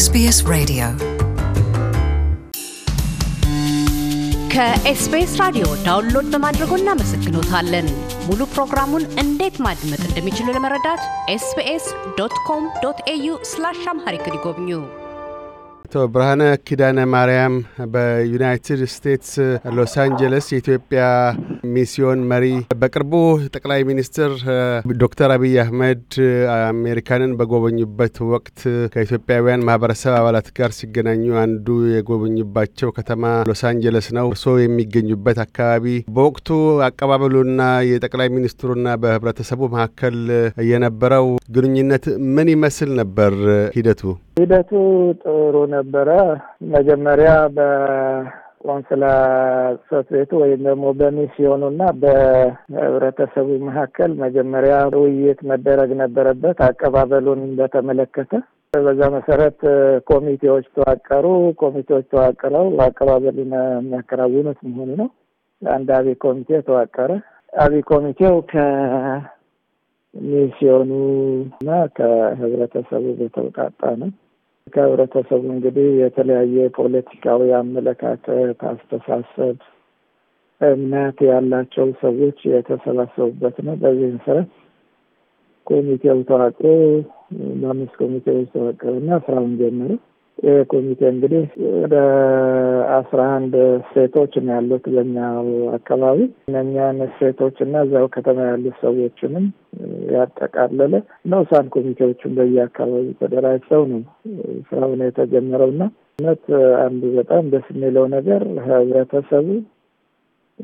ኤስቢኤስ ሬዲዮ ከኤስቢኤስ ራዲዮ ዳውንሎድ በማድረጎ እናመሰግኖታለን። ሙሉ ፕሮግራሙን እንዴት ማድመጥ እንደሚችሉ ለመረዳት ኤስቢኤስ ዶት ኮም ዶት ኤዩ ስላሽ አምሃሪክ ይጎብኙ። አቶ ብርሃነ ኪዳነ ማርያም በዩናይትድ ስቴትስ ሎስ አንጀለስ የኢትዮጵያ ሚስዮን መሪ በቅርቡ ጠቅላይ ሚኒስትር ዶክተር አብይ አህመድ አሜሪካንን በጎበኙበት ወቅት ከኢትዮጵያውያን ማህበረሰብ አባላት ጋር ሲገናኙ አንዱ የጎበኙባቸው ከተማ ሎስ አንጀለስ ነው። እርስዎ የሚገኙበት አካባቢ በወቅቱ አቀባበሉና የጠቅላይ ሚኒስትሩና በህብረተሰቡ መካከል የነበረው ግንኙነት ምን ይመስል ነበር? ሂደቱ ሂደቱ ጥሩ ነበረ። መጀመሪያ በ ቆንስላ ጽሕፈት ቤቱ ወይም ደግሞ በሚስዮኑና በህብረተሰቡ መካከል መጀመሪያ ውይይት መደረግ ነበረበት አቀባበሉን በተመለከተ። በዛ መሰረት ኮሚቴዎች ተዋቀሩ። ኮሚቴዎች ተዋቅረው አቀባበሉን የሚያከናውኑት መሆኑ ነው። አንድ አቢ ኮሚቴ ተዋቀረ። አቢ ኮሚቴው ከሚስዮኑ እና ከህብረተሰቡ በተውጣጣ ነው። ከህብረተሰቡ እንግዲህ የተለያየ ፖለቲካዊ አመለካከት፣ አስተሳሰብ፣ እምነት ያላቸው ሰዎች የተሰባሰቡበት ነው። በዚህ መሰረት ኮሚቴው ተዋቅሮ ለአምስት ኮሚቴዎች ተዋቀረና ስራውን ጀመረ። ይህ ኮሚቴ እንግዲህ ወደ አስራ አንድ ሴቶች ነው ያሉት በኛው አካባቢ እነኛን ሴቶች እና እዚያው ከተማ ያሉት ሰዎችንም ያጠቃለለ ነው። ሳን ኮሚቴዎቹን በየአካባቢ ተደራጅተው ነው ስራውን የተጀመረው እና እውነት አንዱ በጣም ደስ የሚለው ነገር ህብረተሰቡ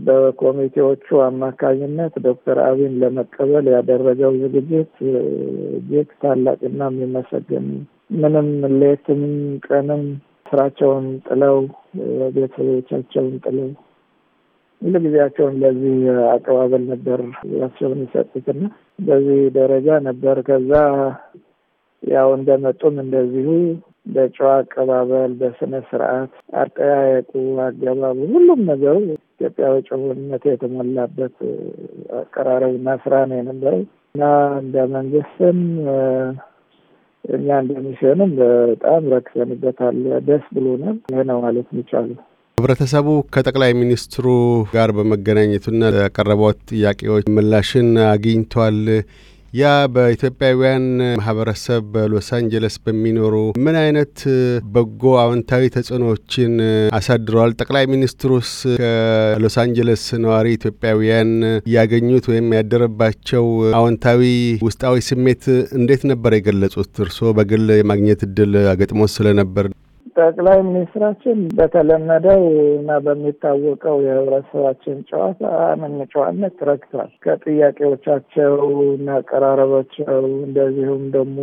በኮሚቴዎቹ አማካኝነት ዶክተር አብይን ለመቀበል ያደረገው ዝግጅት እጅግ ታላቅና የሚመሰገን ምንም ሌትም ቀንም ስራቸውን ጥለው ቤተሰቦቻቸውን ጥለው ሁሉ ጊዜያቸውን ለዚህ አቀባበል ነበር ያቸውን የሰጡትና በዚህ ደረጃ ነበር። ከዛ ያው እንደመጡም እንደዚሁ በጨዋ አቀባበል፣ በስነ ስርዓት አጠያየቁ፣ አገባቡ፣ ሁሉም ነገሩ ኢትዮጵያዊ ጨዋነት የተሞላበት አቀራረብና ስራ ነው የነበረው እና እንደ መንግስትም እኛ እንደሚሽንም በጣም ረክሰንበታል። ደስ ብሎናል። ይህ ነው ማለት ይቻላል። ህብረተሰቡ ከጠቅላይ ሚኒስትሩ ጋር በመገናኘቱና ያቀረቧት ጥያቄዎች ምላሽን አግኝቷል። ያ በኢትዮጵያውያን ማህበረሰብ በሎስ አንጀለስ በሚኖሩ ምን አይነት በጎ አዎንታዊ ተጽዕኖዎችን አሳድረዋል? ጠቅላይ ሚኒስትሩስ ከሎስ አንጀለስ ነዋሪ ኢትዮጵያውያን ያገኙት ወይም ያደረባቸው አዎንታዊ ውስጣዊ ስሜት እንዴት ነበር የገለጹት? እርስዎ በግል የማግኘት እድል አገጥሞት ስለነበር ጠቅላይ ሚኒስትራችን በተለመደው እና በሚታወቀው የህብረተሰባችን ጨዋታ አመንጫዋነት ረግቷል። ከጥያቄዎቻቸው እና አቀራረባቸው እንደዚሁም ደግሞ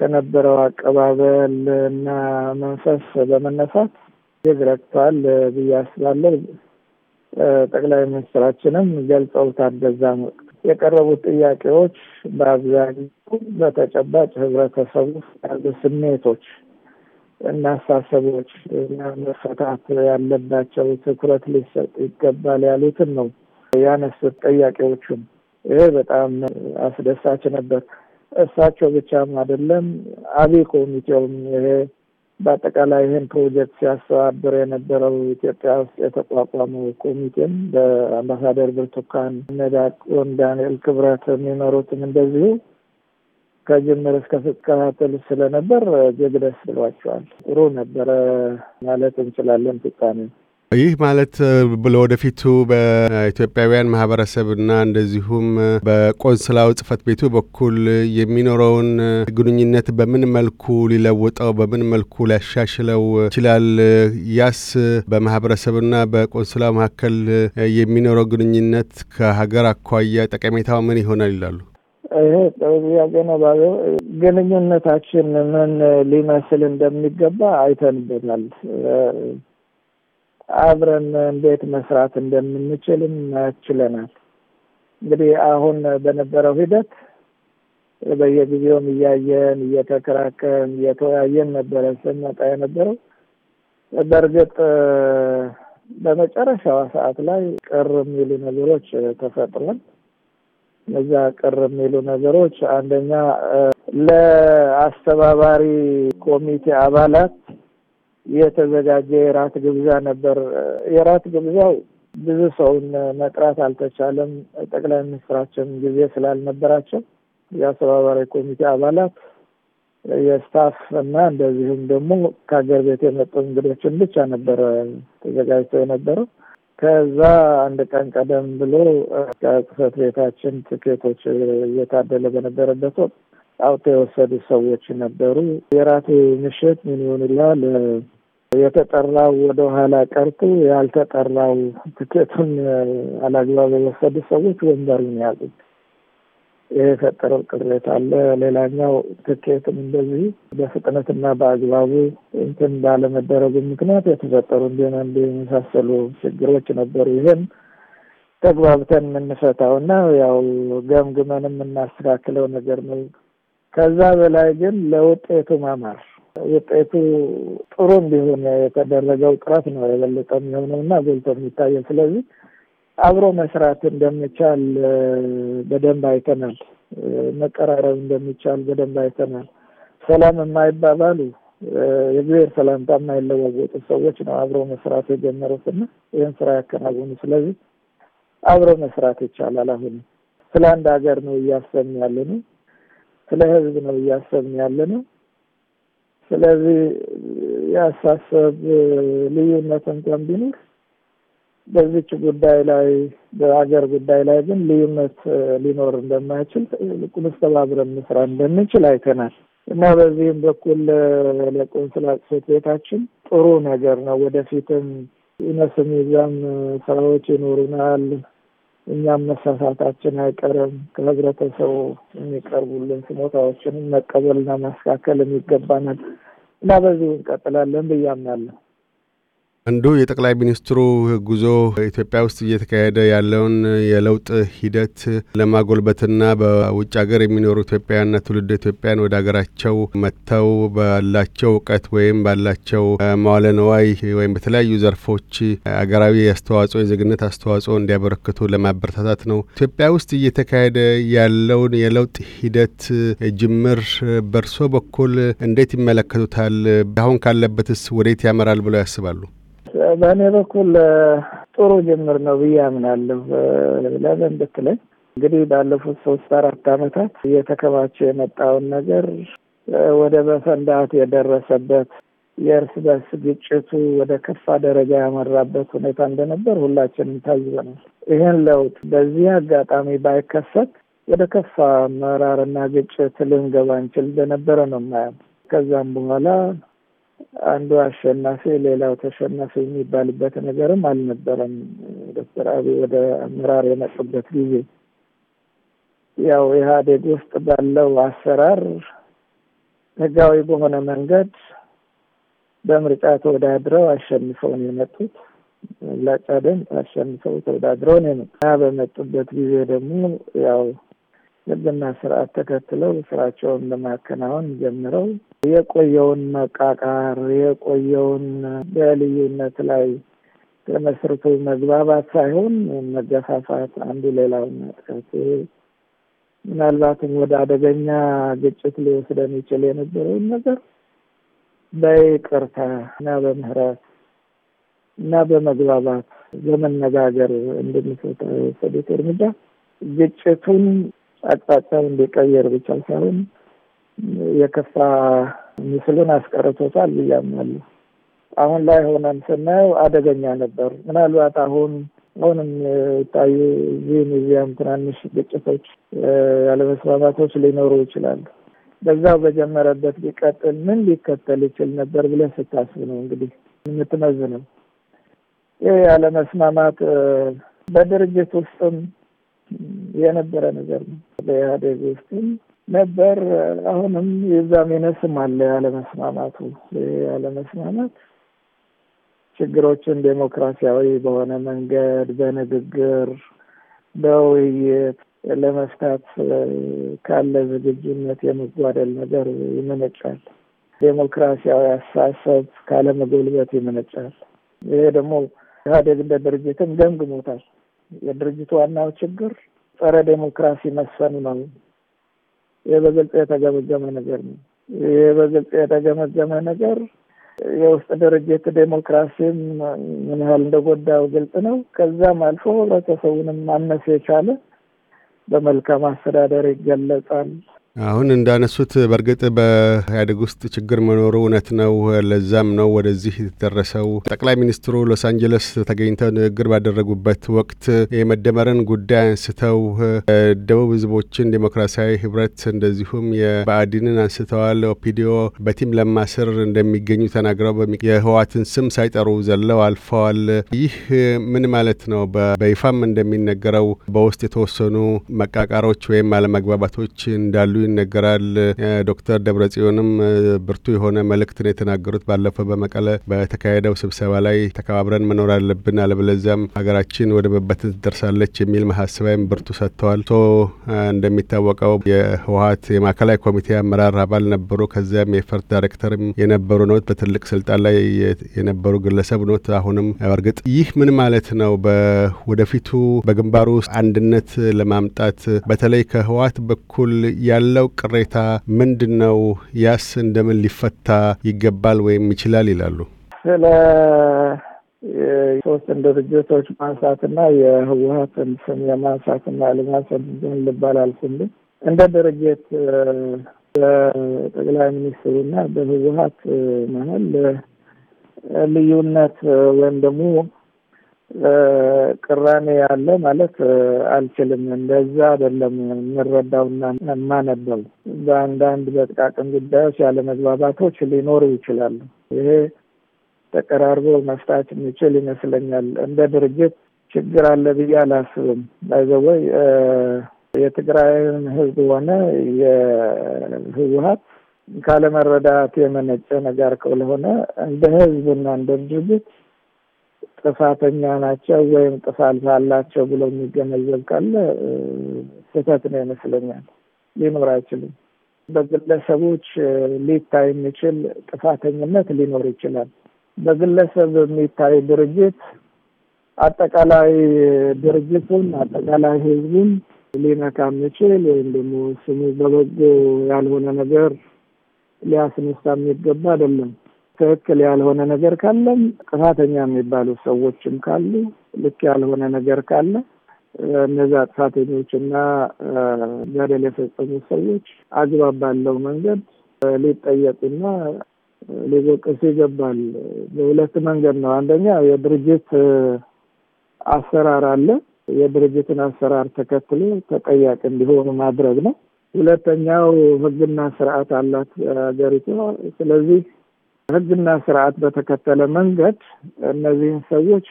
ከነበረው አቀባበል እና መንፈስ በመነሳት ረግቷል ብዬ አስባለሁ። ጠቅላይ ሚኒስትራችንም ገልጸውታል። በዛም ወቅት የቀረቡት ጥያቄዎች በአብዛኛው በተጨባጭ ህብረተሰቡ ያሉ ስሜቶች እናሳሰቦች እና መፈታት ያለባቸው ትኩረት ሊሰጥ ይገባል ያሉትን ነው ያነሱት ጠያቂዎቹም። ይሄ በጣም አስደሳች ነበር። እሳቸው ብቻም አይደለም አብይ ኮሚቴውም ይሄ በአጠቃላይ ይህን ፕሮጀክት ሲያስተባብር የነበረው ኢትዮጵያ ውስጥ የተቋቋመው ኮሚቴም በአምባሳደር ብርቱካን ወን ዳንኤል ክብረት የሚመሩትም እንደዚሁ ከጅምር እስከፍቀታተል ስለነበር ጀግደስ ብሏቸዋል። ጥሩ ነበረ ማለት እንችላለን ፍጻሜ ይህ ማለት ለወደፊቱ በኢትዮጵያውያን ማህበረሰብና እንደዚሁም በቆንስላው ጽህፈት ቤቱ በኩል የሚኖረውን ግንኙነት በምን መልኩ ሊለውጠው፣ በምን መልኩ ሊያሻሽለው ይችላል? ያስ በማህበረሰብና በቆንስላው መካከል የሚኖረው ግንኙነት ከሀገር አኳያ ጠቀሜታው ምን ይሆናል ይላሉ? ይሄ ጥያቄ ነው። ባለ ግንኙነታችን ምን ሊመስል እንደሚገባ አይተንበታል። አብረን እንዴት መስራት እንደምንችልም ችለናል። እንግዲህ አሁን በነበረው ሂደት በየጊዜውም እያየን እየተከራከን እየተወያየን ነበረ ስንመጣ የነበረው። በእርግጥ በመጨረሻዋ ሰዓት ላይ ቅር የሚሉ ነገሮች ተፈጥሯል። እዛ ቅር የሚሉ ነገሮች አንደኛ ለአስተባባሪ ኮሚቴ አባላት የተዘጋጀ የራት ግብዣ ነበር። የራት ግብዣው ብዙ ሰውን መጥራት አልተቻለም። ጠቅላይ ሚኒስትራችን ጊዜ ስላልነበራቸው የአስተባባሪ ኮሚቴ አባላት የስታፍ እና እንደዚሁም ደግሞ ከሀገር ቤት የመጡ እንግዶችን ብቻ ነበረ ተዘጋጅተው የነበረው። ከዛ አንድ ቀን ቀደም ብሎ ከጽህፈት ቤታችን ትኬቶች እየታደለ በነበረበት ወቅት አውጥተው የወሰዱ ሰዎች ነበሩ። የራት ምሽት ምን ይሆንላል የተጠራው ወደ ኋላ ቀርቶ ያልተጠራው ትኬቱን አላግባብ የወሰዱ ሰዎች ወንበሩን ያዙት። የፈጠረው ቅሬታ አለ። ሌላኛው ትኬትም እንደዚህ በፍጥነትና በአግባቡ እንትን ባለመደረጉ ምክንያት የተፈጠሩ እንዲሆነ የመሳሰሉ ችግሮች ነበሩ። ይህን ተግባብተን የምንፈታውና ያው ገምግመን የምናስተካክለው ነገር ነው። ከዛ በላይ ግን ለውጤቱ ማማር ውጤቱ ጥሩ እንዲሆን የተደረገው ጥረት ነው የበለጠ የሚሆነው እና ጎልቶ የሚታየው። ስለዚህ አብሮ መስራት እንደሚቻል በደንብ አይተናል። መቀራረብ እንደሚቻል በደንብ አይተናል። ሰላም የማይባባሉ የብሔር ሰላምታ የማይለዋወጡ ሰዎች ነው አብሮ መስራት የጀመሩትና ይህን ስራ ያከናወኑ። ስለዚህ አብሮ መስራት ይቻላል። አሁንም ስለ አንድ ሀገር ነው እያሰብን ያለ ነው። ስለ ህዝብ ነው እያሰብን ያለ ነው። ስለዚህ የአሳሰብ ልዩነት እንኳን ቢኖር በዚች ጉዳይ ላይ በሀገር ጉዳይ ላይ ግን ልዩነት ሊኖር እንደማይችል ይልቁንስ ተባብረን መስራት እንደምንችል አይተናል እና በዚህም በኩል ለቆንስላ ጽሕፈት ቤታችን ጥሩ ነገር ነው። ወደፊትም ይነስም ይብዛም ስራዎች ይኖሩናል። እኛም መሳሳታችን አይቀርም። ከህብረተሰቡ የሚቀርቡልን ስሞታዎችንም መቀበልና ማስካከል የሚገባናል እና በዚሁ እንቀጥላለን ብዬ አንዱ የጠቅላይ ሚኒስትሩ ጉዞ ኢትዮጵያ ውስጥ እየተካሄደ ያለውን የለውጥ ሂደት ለማጎልበትና በውጭ ሀገር የሚኖሩ ኢትዮጵያውያንና ትውልድ ኢትዮጵያውያን ወደ ሀገራቸው መጥተው ባላቸው እውቀት ወይም ባላቸው መዋለ ወይም በተለያዩ ዘርፎች አገራዊ አስተዋጽኦ፣ የዜግነት አስተዋጽኦ እንዲያበረክቱ ለማበረታታት ነው። ኢትዮጵያ ውስጥ እየተካሄደ ያለውን የለውጥ ሂደት ጅምር በርሶ በኩል እንዴት ይመለከቱታል? አሁን ካለበትስ ወዴት ያመራል ብለው ያስባሉ? በእኔ በኩል ጥሩ ጅምር ነው ብዬ አምናለሁ። ለምን ብትለኝ እንግዲህ ባለፉት ሶስት አራት ዓመታት እየተከማቸ የመጣውን ነገር ወደ መፈንዳት የደረሰበት የእርስ በርስ ግጭቱ ወደ ከፋ ደረጃ ያመራበት ሁኔታ እንደነበር ሁላችንም ታዝበናል። ይህን ለውጥ በዚህ አጋጣሚ ባይከሰት ወደ ከፋ መራርና ግጭት ልንገባ እንችል እንደነበረ ነው የማየው። ከዛም በኋላ አንዱ አሸናፊ ሌላው ተሸናፊ የሚባልበት ነገርም አልነበረም። ዶክተር አብይ ወደ አመራር የመጡበት ጊዜ ያው ኢህአዴግ ውስጥ ባለው አሰራር ህጋዊ በሆነ መንገድ በምርጫ ተወዳድረው አሸንፈው የመጡት። ላጫ ደን አሸንፈው ተወዳድረውን የመጡት እና በመጡበት ጊዜ ደግሞ ያው ህግና ስርዓት ተከትለው ስራቸውን ለማከናወን ጀምረው የቆየውን መቃቃር የቆየውን በልዩነት ላይ ተመስርቶ መግባባት ሳይሆን መገፋፋት፣ አንዱ ሌላው መጥቀት፣ ምናልባትም ወደ አደገኛ ግጭት ሊወስደን ይችል የነበረውን ነገር በይቅርታ እና በምህረት እና በመግባባት በመነጋገር እንድንፈታ የወሰዱት እርምጃ ግጭቱን አቅጣጫው እንዲቀየር ብቻ ሳይሆን የከፋ ምስሉን አስቀርቶታል ብያምናለሁ። አሁን ላይ ሆነን ስናየው አደገኛ ነበር። ምናልባት አሁን አሁንም የታዩ እዚህም እዚያም ትናንሽ ግጭቶች፣ ያለመስማማቶች ሊኖሩ ይችላሉ። በዛው በጀመረበት ሊቀጥል ምን ሊከተል ይችል ነበር ብለህ ስታስብ ነው እንግዲህ የምትመዝነው። ይህ ያለመስማማት በድርጅት ውስጥም የነበረ ነገር ነው። በኢህአዴግ ውስጥም ነበር። አሁንም የዛም ይነስም አለ ያለመስማማቱ ያለመስማማት ችግሮችን ዴሞክራሲያዊ በሆነ መንገድ በንግግር በውይይት ለመፍታት ካለ ዝግጁነት የመጓደል ነገር ይመነጫል። ዴሞክራሲያዊ አሳሰብ ካለመጎልበት ይመነጫል። ይሄ ደግሞ ኢህአዴግ እንደ ድርጅትም ገምግሞታል። የድርጅቱ ዋናው ችግር ጸረ ዴሞክራሲ መስፈኑ ነው። ይህ በግልጽ የተገመገመ ነገር ነው። ይህ በግልጽ የተገመገመ ነገር የውስጥ ድርጅት ዴሞክራሲም ምን ያህል እንደጎዳው ግልጽ ነው። ከዛም አልፎ ህብረተሰቡንም ማነስ የቻለ በመልካም አስተዳደር ይገለጻል። አሁን እንዳነሱት በእርግጥ በኢህአዴግ ውስጥ ችግር መኖሩ እውነት ነው። ለዛም ነው ወደዚህ የተደረሰው። ጠቅላይ ሚኒስትሩ ሎስ አንጀለስ ተገኝተው ንግግር ባደረጉበት ወቅት የመደመርን ጉዳይ አንስተው ደቡብ ህዝቦችን ዴሞክራሲያዊ ህብረት እንደዚሁም የብአዴንን አንስተዋል። ኦፒዲዮ በቲም ለማ ስር እንደሚገኙ ተናግረው የህወሓትን ስም ሳይጠሩ ዘለው አልፈዋል። ይህ ምን ማለት ነው? በይፋም እንደሚነገረው በውስጥ የተወሰኑ መቃቃሮች ወይም አለመግባባቶች እንዳሉ ይነገራል። ዶክተር ደብረ ጽዮንም ብርቱ የሆነ መልእክትን የተናገሩት። ባለፈው በመቀለ በተካሄደው ስብሰባ ላይ ተከባብረን መኖር አለብን፣ አለበለዚያም ሀገራችን ወደ መበተን ትደርሳለች የሚል ማሳሰቢያም ብርቱ ሰጥተዋል። ቶ እንደሚታወቀው የህወሀት የማዕከላዊ ኮሚቴ አመራር አባል ነበሩ። ከዚያም የፈርት ዳይሬክተርም የነበሩ ነት በትልቅ ስልጣን ላይ የነበሩ ግለሰብ ኖት። አሁንም በእርግጥ ይህ ምን ማለት ነው? ወደፊቱ በግንባሩ ውስጥ አንድነት ለማምጣት በተለይ ከህወሀት በኩል ያለ ያለው ቅሬታ ምንድን ነው? ያስ እንደምን ሊፈታ ይገባል ወይም ይችላል ይላሉ። ስለ የሶስትን ድርጅቶች ማንሳትና የህወሀትን ስም የማንሳትና ለማንሳት ዝም ልባላል አልኩልኝ እንደ ድርጅት በጠቅላይ ሚኒስትሩና በህወሀት መሀል ልዩነት ወይም ደግሞ ቅራኔ ያለ ማለት አልችልም። እንደዛ አይደለም የምረዳውና የማነበው። በአንዳንድ በጥቃቅን ጉዳዮች ያለመግባባቶች ሊኖሩ ይችላሉ። ይሄ ተቀራርቦ መፍታት የሚችል ይመስለኛል። እንደ ድርጅት ችግር አለ ብዬ አላስብም። ባይዘወይ የትግራይን ህዝብ ሆነ የህወሀት ካለመረዳት የመነጨ ነገር ከሆነ እንደ ህዝብና እንደ ድርጅት ጥፋተኛ ናቸው ወይም ጥፋት አላቸው ብሎ የሚገነዘብ ካለ ስህተት ነው ይመስለኛል። ሊኖር አይችልም። በግለሰቦች ሊታይ የሚችል ጥፋተኝነት ሊኖር ይችላል። በግለሰብ የሚታይ ድርጅት አጠቃላይ ድርጅቱን አጠቃላይ ሕዝቡን ሊነካ የሚችል ወይም ደግሞ ስሙ በበጎ ያልሆነ ነገር ሊያስነሳ የሚገባ አይደለም። ትክክል ያልሆነ ነገር ካለም ጥፋተኛ የሚባሉ ሰዎችም ካሉ ልክ ያልሆነ ነገር ካለ እነዛ ጥፋተኞች እና ገደል የፈጸሙ ሰዎች አግባብ ባለው መንገድ ሊጠየቁና ሊወቀሱ ይገባል። በሁለት መንገድ ነው። አንደኛ የድርጅት አሰራር አለ። የድርጅትን አሰራር ተከትሎ ተጠያቂ እንዲሆኑ ማድረግ ነው። ሁለተኛው ሕግና ስርዓት አላት ሀገሪቷ። ስለዚህ ህግና ስርዓት በተከተለ መንገድ እነዚህን ሰዎች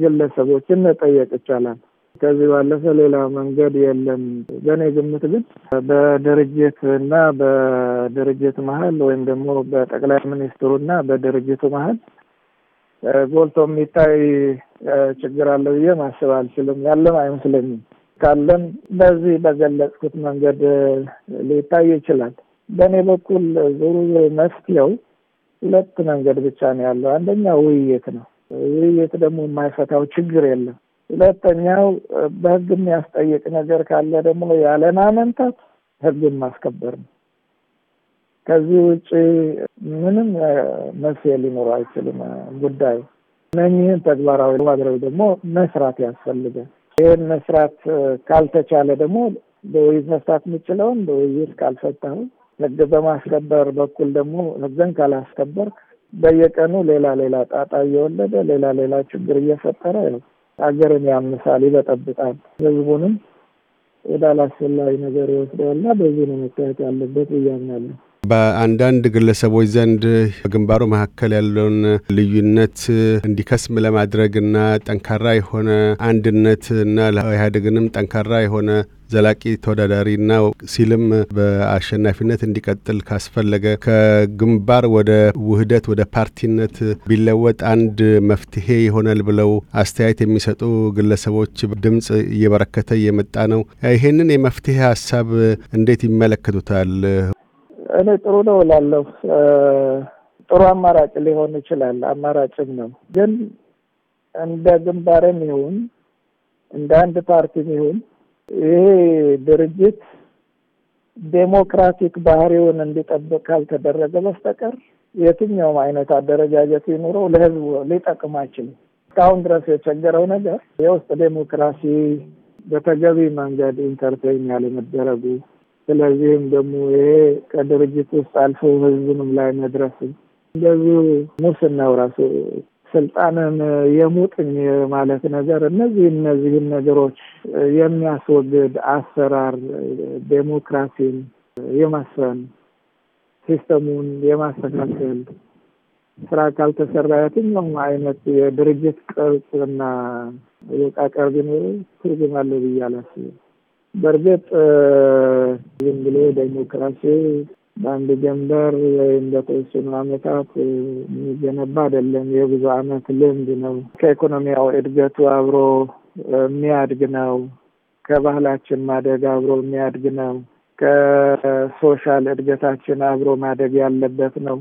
ግለሰቦችን መጠየቅ ይቻላል። ከዚህ ባለፈ ሌላ መንገድ የለም። በእኔ ግምት ግን በድርጅት እና በድርጅት መሀል ወይም ደግሞ በጠቅላይ ሚኒስትሩ እና በድርጅቱ መሀል ጎልቶ የሚታይ ችግር አለ ብዬ ማስብ አልችልም። ያለም አይመስለኝም። ካለም በዚህ በገለጽኩት መንገድ ሊታይ ይችላል። በእኔ በኩል ዙሩ መፍትሄው ሁለት መንገድ ብቻ ነው ያለው። አንደኛው ውይይት ነው። ውይይት ደግሞ የማይፈታው ችግር የለም። ሁለተኛው በህግ የሚያስጠይቅ ነገር ካለ ደግሞ ያለማመንታት ህግን ማስከበር ነው። ከዚህ ውጭ ምንም መፍትሄ ሊኖር አይችልም ጉዳዩ። እነኝህን ተግባራዊ ማድረግ ደግሞ መስራት ያስፈልጋል። ይህን መስራት ካልተቻለ ደግሞ በውይይት መፍታት የምችለውን በውይይት ካልፈታሁ ህግ በማስከበር በኩል ደግሞ ህግን ካላስከበር በየቀኑ ሌላ ሌላ ጣጣ እየወለደ ሌላ ሌላ ችግር እየፈጠረ አገርን ያምሳል፣ ይበጠብጣል፣ ህዝቡንም ወደ አላስፈላጊ ነገር ይወስደዋልና በዚህ ነው መታየት ያለበት ብያምናለሁ። በአንዳንድ ግለሰቦች ዘንድ በግንባሩ መካከል ያለውን ልዩነት እንዲከስም ለማድረግና ጠንካራ የሆነ አንድነት እና ኢህአዴግንም ጠንካራ የሆነ ዘላቂ ተወዳዳሪና ሲልም በአሸናፊነት እንዲቀጥል ካስፈለገ ከግንባር ወደ ውህደት ወደ ፓርቲነት ቢለወጥ አንድ መፍትሄ ይሆናል ብለው አስተያየት የሚሰጡ ግለሰቦች ድምፅ እየበረከተ እየመጣ ነው። ይሄንን የመፍትሄ ሀሳብ እንዴት ይመለከቱታል? እኔ ጥሩ ነው እላለሁ። ጥሩ አማራጭ ሊሆን ይችላል፣ አማራጭም ነው። ግን እንደ ግንባርም ይሁን እንደ አንድ ፓርቲም ይሁን ይሄ ድርጅት ዴሞክራቲክ ባህሪውን እንዲጠብቅ ካልተደረገ በስተቀር የትኛውም አይነት አደረጃጀት ይኑረው ለህዝቡ ሊጠቅም አይችልም። እስካሁን ድረስ የቸገረው ነገር የውስጥ ዴሞክራሲ በተገቢ መንገድ ኢንተርቴን ያለመደረጉ ስለዚህም ደግሞ ይሄ ከድርጅት ውስጥ አልፎ ህዝብንም ላይ መድረስም እንደዚሁ ሙስናው ራሱ ስልጣንን የሙጥኝ ማለት ነገር እነዚህ እነዚህን ነገሮች የሚያስወግድ አሰራር ዴሞክራሲን የማስፈን ሲስተሙን የማስተካከል ስራ ካልተሰራ የትኛውም አይነት የድርጅት ቅርጽና የቃቀር ቢኖር ትርጉም አለ ብዬ አላስብም። በእርግጥ ዝም ብሎ ዴሞክራሲ በአንድ ጀንበር ወይም በተወሰኑ አመታት የሚገነባ አይደለም። የብዙ አመት ልምድ ነው። ከኢኮኖሚያዊ እድገቱ አብሮ የሚያድግ ነው። ከባህላችን ማደግ አብሮ የሚያድግ ነው። ከሶሻል እድገታችን አብሮ ማደግ ያለበት ነው።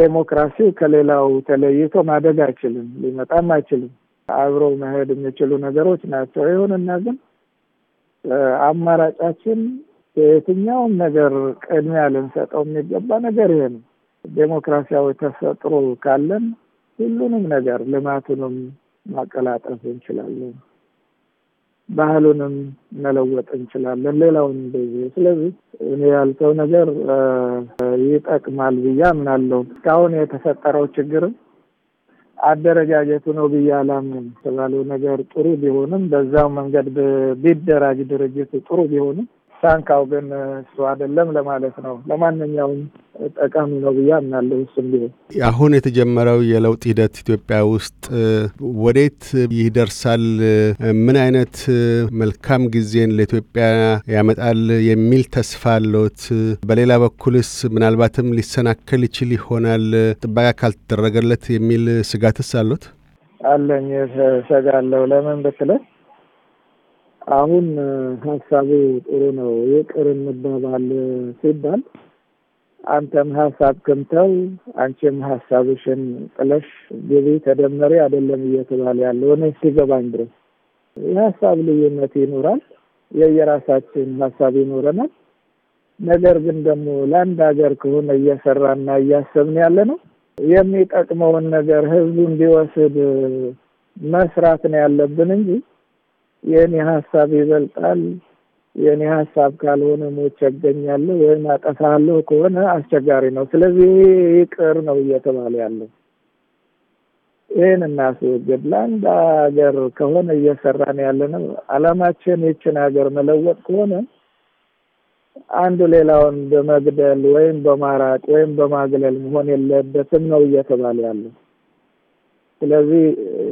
ዴሞክራሲ ከሌላው ተለይቶ ማደግ አይችልም፣ ሊመጣም አይችልም። አብሮ መሄድ የሚችሉ ነገሮች ናቸው። ይሁንና ግን አማራጫችን የትኛውን ነገር ቅድሚያ ልንሰጠው የሚገባ ነገር ይሄ ነው። ዴሞክራሲያዊ ተፈጥሮ ካለን ሁሉንም ነገር ልማቱንም ማቀላጠፍ እንችላለን፣ ባህሉንም መለወጥ እንችላለን፣ ሌላውን እንደዚህ። ስለዚህ እኔ ያልከው ነገር ይጠቅማል ብዬ አምናለሁ። እስካሁን የተፈጠረው ችግርም አደረጃጀቱ ነው ብዬ አላምንም። የተባለው ነገር ጥሩ ቢሆንም በዛው መንገድ ቢደራጅ ድርጅቱ ጥሩ ቢሆንም ሳንካው ግን እሱ አይደለም ለማለት ነው። ለማንኛውም ጠቃሚ ነው ብዬ አምናለሁ። እሱም ቢሆን አሁን የተጀመረው የለውጥ ሂደት ኢትዮጵያ ውስጥ ወዴት ይደርሳል? ምን አይነት መልካም ጊዜን ለኢትዮጵያ ያመጣል የሚል ተስፋ አለዎት? በሌላ በኩልስ ምናልባትም ሊሰናከል ይችል ይሆናል ጥበቃ ካልተደረገለት የሚል ስጋትስ አለዎት? አለኝ፣ እሰጋለሁ። ለምን ብትለን አሁን ሀሳቡ ጥሩ ነው። ይቅር እንባባል ሲባል አንተም ሀሳብ ክምተው አንቺም ሀሳብሽን ጥለሽ ግቢ ተደመሪ አይደለም እየተባለ ያለው እኔ ሲገባኝ ድረስ የሀሳብ ልዩነት ይኖራል። የየራሳችን ሀሳብ ይኖረናል። ነገር ግን ደግሞ ለአንድ ሀገር ከሆነ እየሰራና እያሰብን ያለ ነው የሚጠቅመውን ነገር ህዝቡ እንዲወስድ መስራት ነው ያለብን እንጂ የእኔ ሀሳብ ይበልጣል፣ የእኔ ሀሳብ ካልሆነ ሞች ያገኛለሁ ወይም አጠፋለሁ ከሆነ አስቸጋሪ ነው። ስለዚህ ይቅር ነው እየተባለ ያለው። ይህን እናስወግድ። ለአንድ ሀገር ከሆነ እየሰራን ያለነው አላማችን ይችን ሀገር መለወጥ ከሆነ አንዱ ሌላውን በመግደል ወይም በማራቅ ወይም በማግለል መሆን የለበትም ነው እየተባለ ያለው። ስለዚህ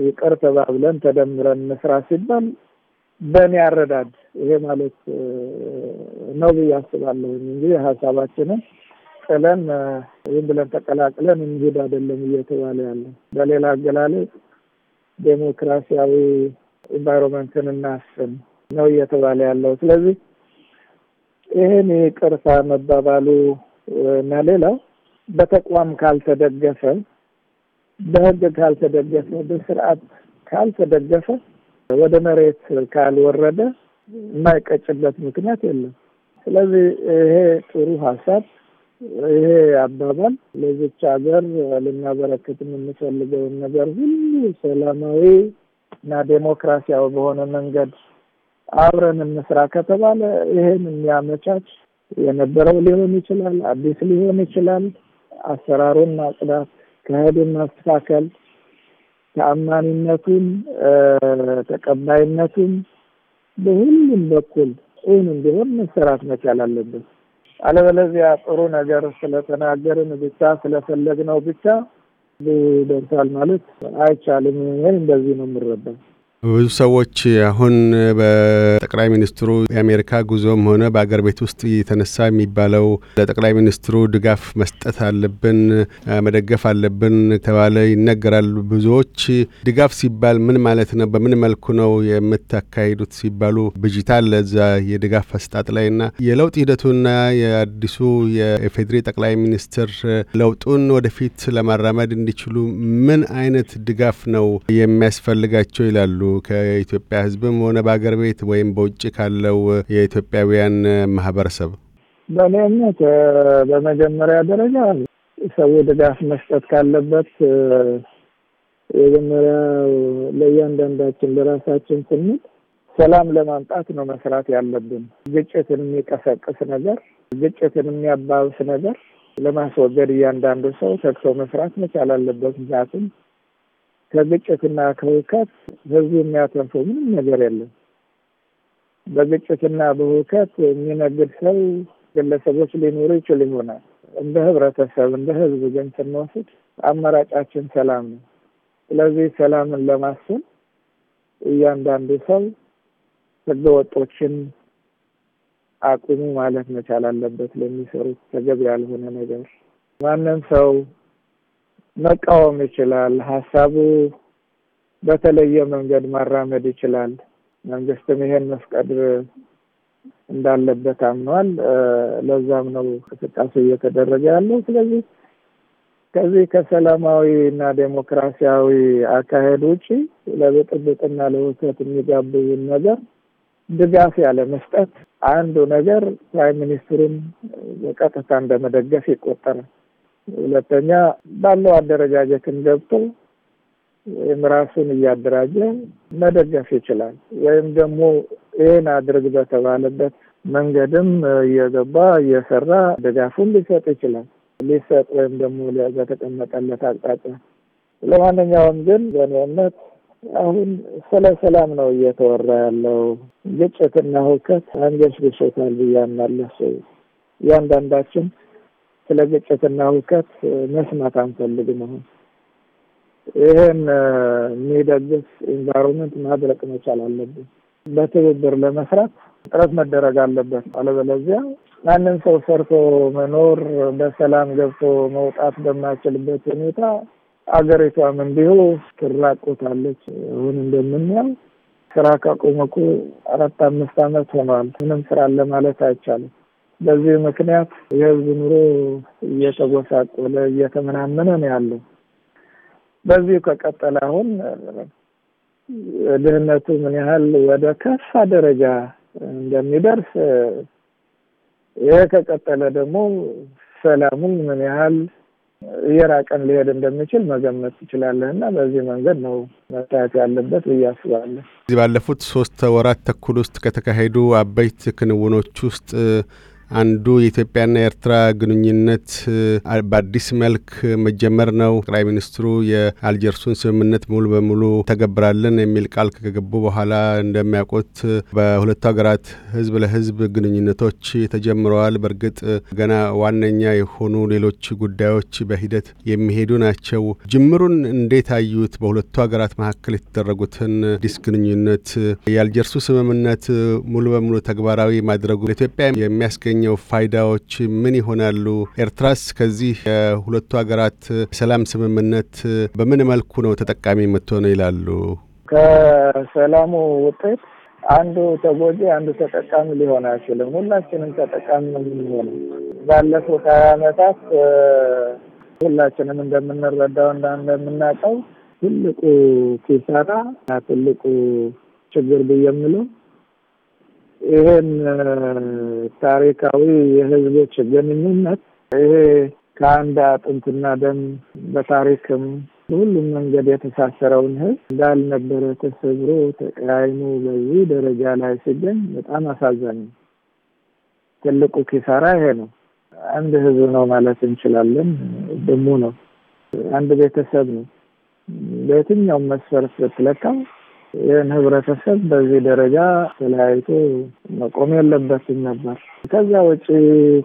ይቅር ተባብለን ተደምረን እንስራ ሲባል በእኔ አረዳድ ይሄ ማለት ነው ብዬ አስባለሁ። እንግዲህ ሀሳባችንን ጥለን ይህም ብለን ተቀላቅለን እንሄድ አይደለም እየተባለ ያለ በሌላ አገላለጽ ዴሞክራሲያዊ ኢንቫይሮንመንትን እናስን ነው እየተባለ ያለው። ስለዚህ ይህን ይቅርታ መባባሉ እና ሌላው በተቋም ካልተደገፈ፣ በህግ ካልተደገፈ፣ በስርዓት ካልተደገፈ ወደ መሬት ካልወረደ የማይቀጭበት ምክንያት የለም። ስለዚህ ይሄ ጥሩ ሀሳብ፣ ይሄ አባባል ለዚች ሀገር ልናበረክት የምንፈልገውን ነገር ሁሉ ሰላማዊ እና ዴሞክራሲያዊ በሆነ መንገድ አብረን እንስራ ከተባለ ይሄን የሚያመቻች የነበረው ሊሆን ይችላል፣ አዲስ ሊሆን ይችላል። አሰራሩን ማጽዳት፣ ከህዱን ማስተካከል ተአማኒነቱን፣ ተቀባይነቱን በሁሉም በኩል ጽን እንዲሆን መሰራት መቻል አለብን። አለበለዚያ ጥሩ ነገር ስለተናገርን ብቻ ስለፈለግነው ብቻ ይደርሳል ማለት አይቻልም። እንደዚህ ነው የምረዳው። ብዙ ሰዎች አሁን በጠቅላይ ሚኒስትሩ የአሜሪካ ጉዞም ሆነ በአገር ቤት ውስጥ የተነሳ የሚባለው ለጠቅላይ ሚኒስትሩ ድጋፍ መስጠት አለብን፣ መደገፍ አለብን ተባለ ይነገራል። ብዙዎች ድጋፍ ሲባል ምን ማለት ነው? በምን መልኩ ነው የምታካሂዱት ሲባሉ ብጅታ አለ እዛ የድጋፍ አስጣጥ ላይ እና የለውጥ ሂደቱና የአዲሱ የኢፌዴሪ ጠቅላይ ሚኒስትር ለውጡን ወደፊት ለማራመድ እንዲችሉ ምን አይነት ድጋፍ ነው የሚያስፈልጋቸው ይላሉ። ከኢትዮጵያ ህዝብም ሆነ በአገር ቤት ወይም በውጭ ካለው የኢትዮጵያውያን ማህበረሰብ? በእኔ እምነት በመጀመሪያ ደረጃ ሰው ድጋፍ መስጠት ካለበት የመጀመሪያ ለእያንዳንዳችን ለራሳችን ስንል ሰላም ለማምጣት ነው መስራት ያለብን። ግጭትን የሚቀሰቅስ ነገር፣ ግጭትን የሚያባብስ ነገር ለማስወገድ እያንዳንዱ ሰው ተግቶ መስራት መቻል አለበት። ምክንያቱም ከግጭትና ከውከት ህዝቡ የሚያተርፈው ምንም ነገር የለም። በግጭትና በውከት የሚነግድ ሰው ግለሰቦች ሊኖሩ ይችል ይሆናል። እንደ ህብረተሰብ፣ እንደ ህዝብ ግን ስንወስድ አማራጫችን ሰላም ነው። ስለዚህ ሰላምን ለማስፈን እያንዳንዱ ሰው ህገወጦችን አቁሙ ማለት መቻል አለበት። ለሚሰሩት ተገቢ ያልሆነ ነገር ማንም ሰው መቃወም ይችላል። ሀሳቡ በተለየ መንገድ ማራመድ ይችላል። መንግስትም ይሄን መፍቀድ እንዳለበት አምኗል። ለዛም ነው እንቅስቃሴ እየተደረገ ያለው። ስለዚህ ከዚህ ከሰላማዊ እና ዴሞክራሲያዊ አካሄድ ውጪ ለብጥብጥና ለውከት የሚጋብዙን ነገር ድጋፍ ያለ መስጠት አንዱ ነገር ፕራይም ሚኒስትሩን በቀጥታ እንደመደገፍ ይቆጠራል። ሁለተኛ ባለው አደረጃጀትን ገብቶ ወይም ራሱን እያደራጀ መደገፍ ይችላል። ወይም ደግሞ ይህን አድርግ በተባለበት መንገድም እየገባ እየሰራ ድጋፉን ሊሰጥ ይችላል ሊሰጥ ወይም ደግሞ በተቀመጠለት አቅጣጫ። ለማንኛውም ግን በእኔ እምነት አሁን ስለ ሰላም ነው እየተወራ ያለው። ግጭትና ሁከት አንገሽግሾታል ብዬ አምናለሁ። እያንዳንዳችን ስለ ግጭትና ውከት መስማት አንፈልግም። አሁን ይህን የሚደግፍ ኢንቫይሮንመንት ማድረቅ መቻል አለብን። በትብብር ለመስራት ጥረት መደረግ አለበት። አለበለዚያ ማንም ሰው ሰርቶ መኖር በሰላም ገብቶ መውጣት በማይችልበት ሁኔታ አገሪቷም እንዲሁ ትራቆታለች። አሁን እንደምናየው ስራ ካቆመኩ አራት አምስት አመት ሆኗል። ምንም ስራ አለ ማለት አይቻልም። በዚህ ምክንያት የህዝብ ኑሮ እየተጎሳቆለ እየተመናመነ ነው ያለው። በዚሁ ከቀጠለ አሁን ድህነቱ ምን ያህል ወደ ከፋ ደረጃ እንደሚደርስ ይሄ ከቀጠለ ደግሞ ሰላሙን ምን ያህል እየራቀን ሊሄድ እንደሚችል መገመት ትችላለህ። እና በዚህ መንገድ ነው መታየት ያለበት ብዬ አስባለሁ። እዚህ ባለፉት ሶስት ወራት ተኩል ውስጥ ከተካሄዱ አበይት ክንውኖች ውስጥ አንዱ የኢትዮጵያና የኤርትራ ግንኙነት በአዲስ መልክ መጀመር ነው። ጠቅላይ ሚኒስትሩ የአልጀርሱን ስምምነት ሙሉ በሙሉ ተገብራለን የሚል ቃል ከገቡ በኋላ እንደሚያውቁት በሁለቱ ሀገራት ህዝብ ለህዝብ ግንኙነቶች ተጀምረዋል። በእርግጥ ገና ዋነኛ የሆኑ ሌሎች ጉዳዮች በሂደት የሚሄዱ ናቸው። ጅምሩን እንዴት አዩት? በሁለቱ ሀገራት መካከል የተደረጉትን አዲስ ግንኙነት የአልጀርሱ ስምምነት ሙሉ በሙሉ ተግባራዊ ማድረጉ ለኢትዮጵያ የሚያስገኝ የሚገኘው ፋይዳዎች ምን ይሆናሉ? ኤርትራስ ከዚህ የሁለቱ ሀገራት የሰላም ስምምነት በምን መልኩ ነው ተጠቃሚ የምትሆነው ይላሉ? ከሰላሙ ውጤት አንዱ ተጎጂ አንዱ ተጠቃሚ ሊሆን አይችልም። ሁላችንም ተጠቃሚ ነው የምንሆነው። ባለፉት ሀያ ዓመታት ሁላችንም እንደምንረዳው እና እንደምናውቀው ትልቁ ኪሳራ ትልቁ ችግር ብዬ የምለው ይህን ታሪካዊ የህዝቦች ግንኙነት ይሄ ከአንድ አጥንትና ደም በታሪክም በሁሉም መንገድ የተሳሰረውን ህዝብ እንዳልነበረ ተሰብሮ ተቀያይሞ በዚህ ደረጃ ላይ ሲገኝ በጣም አሳዛኝ ትልቁ ኪሳራ ይሄ ነው። አንድ ህዝብ ነው ማለት እንችላለን። ደሙ ነው፣ አንድ ቤተሰብ ነው። በየትኛውም መስፈርት ስትለካው ይህን ህብረተሰብ በዚህ ደረጃ ተለያይቶ መቆም የለበትም ነበር። ከዛ ውጭ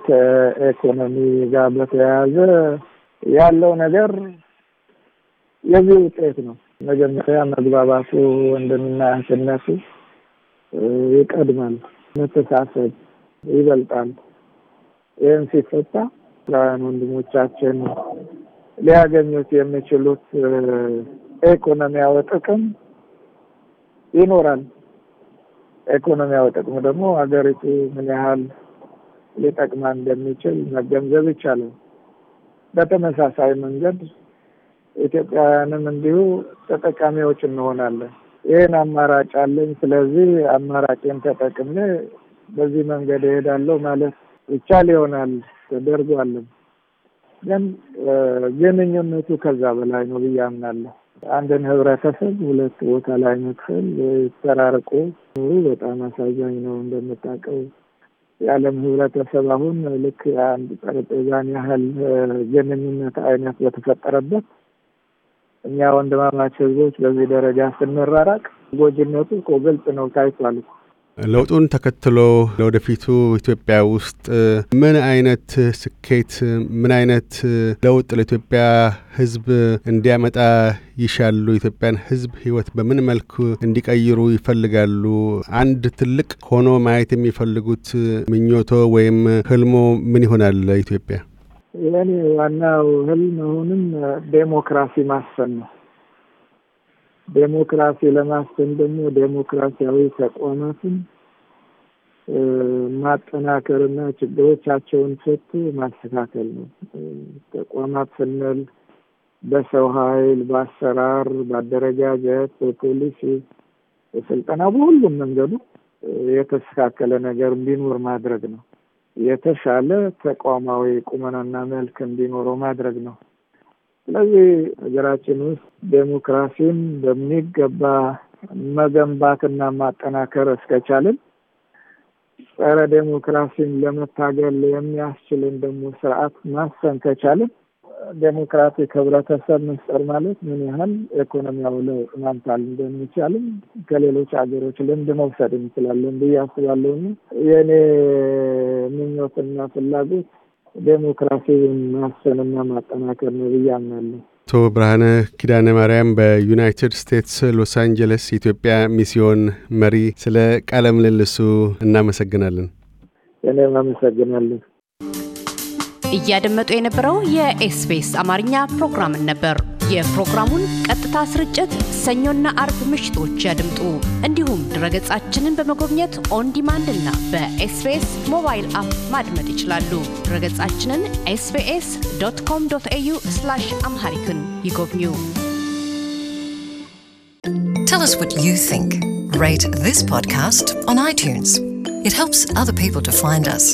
ከኢኮኖሚ ጋር በተያያዘ ያለው ነገር የዚህ ውጤት ነው። መጀመሪያ መግባባቱ ወንድምና እህትነቱ ይቀድማል፣ መተሳሰብ ይበልጣል። ይህን ሲፈታ ስራውያን ወንድሞቻችን ሊያገኙት የሚችሉት ኢኮኖሚያዊ ጥቅም ይኖራል። ኢኮኖሚያዊ ጥቅሙ ደግሞ ሀገሪቱ ምን ያህል ሊጠቅማ እንደሚችል መገንዘብ ይቻላል። በተመሳሳይ መንገድ ኢትዮጵያውያንም እንዲሁ ተጠቃሚዎች እንሆናለን። ይህን አማራጭ አለኝ፣ ስለዚህ አማራጭን ተጠቅሜ በዚህ መንገድ እሄዳለሁ ማለት ይቻል ይሆናል ተደርጓልም። ግን ግንኙነቱ ከዛ በላይ ነው ብዬ አምናለሁ። አንድን ህብረተሰብ ሁለት ቦታ ላይ መክፈል ተራርቆ ኑሩ በጣም አሳዛኝ ነው። እንደምታውቀው የዓለም ህብረተሰብ አሁን ልክ አንድ ጠረጴዛን ያህል ግንኙነት አይነት በተፈጠረበት እኛ ወንድማማች ህዝቦች በዚህ ደረጃ ስንራራቅ ጎጂነቱ እኮ ግልጽ ነው፣ ታይቷል። ለውጡን ተከትሎ ለወደፊቱ ኢትዮጵያ ውስጥ ምን አይነት ስኬት፣ ምን አይነት ለውጥ ለኢትዮጵያ ሕዝብ እንዲያመጣ ይሻሉ? ኢትዮጵያን ሕዝብ ህይወት በምን መልኩ እንዲቀይሩ ይፈልጋሉ? አንድ ትልቅ ሆኖ ማየት የሚፈልጉት ምኞቶ ወይም ህልሞ ምን ይሆናል? ኢትዮጵያ የኔ ዋናው ህልም አሁንም ዴሞክራሲ ማሰን ነው። ዴሞክራሲ ለማስፈን ደግሞ ዴሞክራሲያዊ ተቋማትን ማጠናከርና ችግሮቻቸውን ፈቶ ማስተካከል ነው። ተቋማት ስንል በሰው ኃይል፣ በአሰራር፣ በአደረጃጀት፣ በፖሊሲ፣ በስልጠና በሁሉም መንገዱ የተስተካከለ ነገር እንዲኖር ማድረግ ነው። የተሻለ ተቋማዊ ቁመናና መልክ እንዲኖረው ማድረግ ነው። ስለዚህ ሀገራችን ውስጥ ዴሞክራሲን በሚገባ መገንባትና ማጠናከር እስከቻልን ጸረ ዴሞክራሲን ለመታገል የሚያስችልን ደግሞ ስርዓት ማሰን ከቻልን ዴሞክራቲክ ህብረተሰብ መፍጠር ማለት ምን ያህል ኢኮኖሚያዊ ለውጥ ማምጣት እንደሚቻልም ከሌሎች ሀገሮች ልምድ መውሰድ እንችላለን ብዬ አስባለሁ። የእኔ ምኞትና ፍላጎት ዴሞክራሲን ማሰንና ማጠናከር ነው ብዬ አምናለሁ። አቶ ብርሃነ ኪዳነ ማርያም በዩናይትድ ስቴትስ ሎስ አንጀለስ ኢትዮጵያ ሚስዮን መሪ፣ ስለ ቃለ ምልልሱ እናመሰግናለን። እኔም አመሰግናለን። እያደመጡ የነበረው የኤስቢኤስ አማርኛ ፕሮግራምን ነበር። የፕሮግራሙን ቀጥታ ስርጭት ሰኞና አርብ ምሽቶች ያድምጡ። እንዲሁም ድረገጻችንን በመጎብኘት ኦን ዲማንድ እና በኤስቤስ ሞባይል አፕ ማድመጥ ይችላሉ። ድረገጻችንን ኤስቤስ ዶት ኮም ዶት ኤዩ አምሃሪክን ይጎብኙ። Tell us what you think. Rate this podcast on iTunes. It helps other people to find us.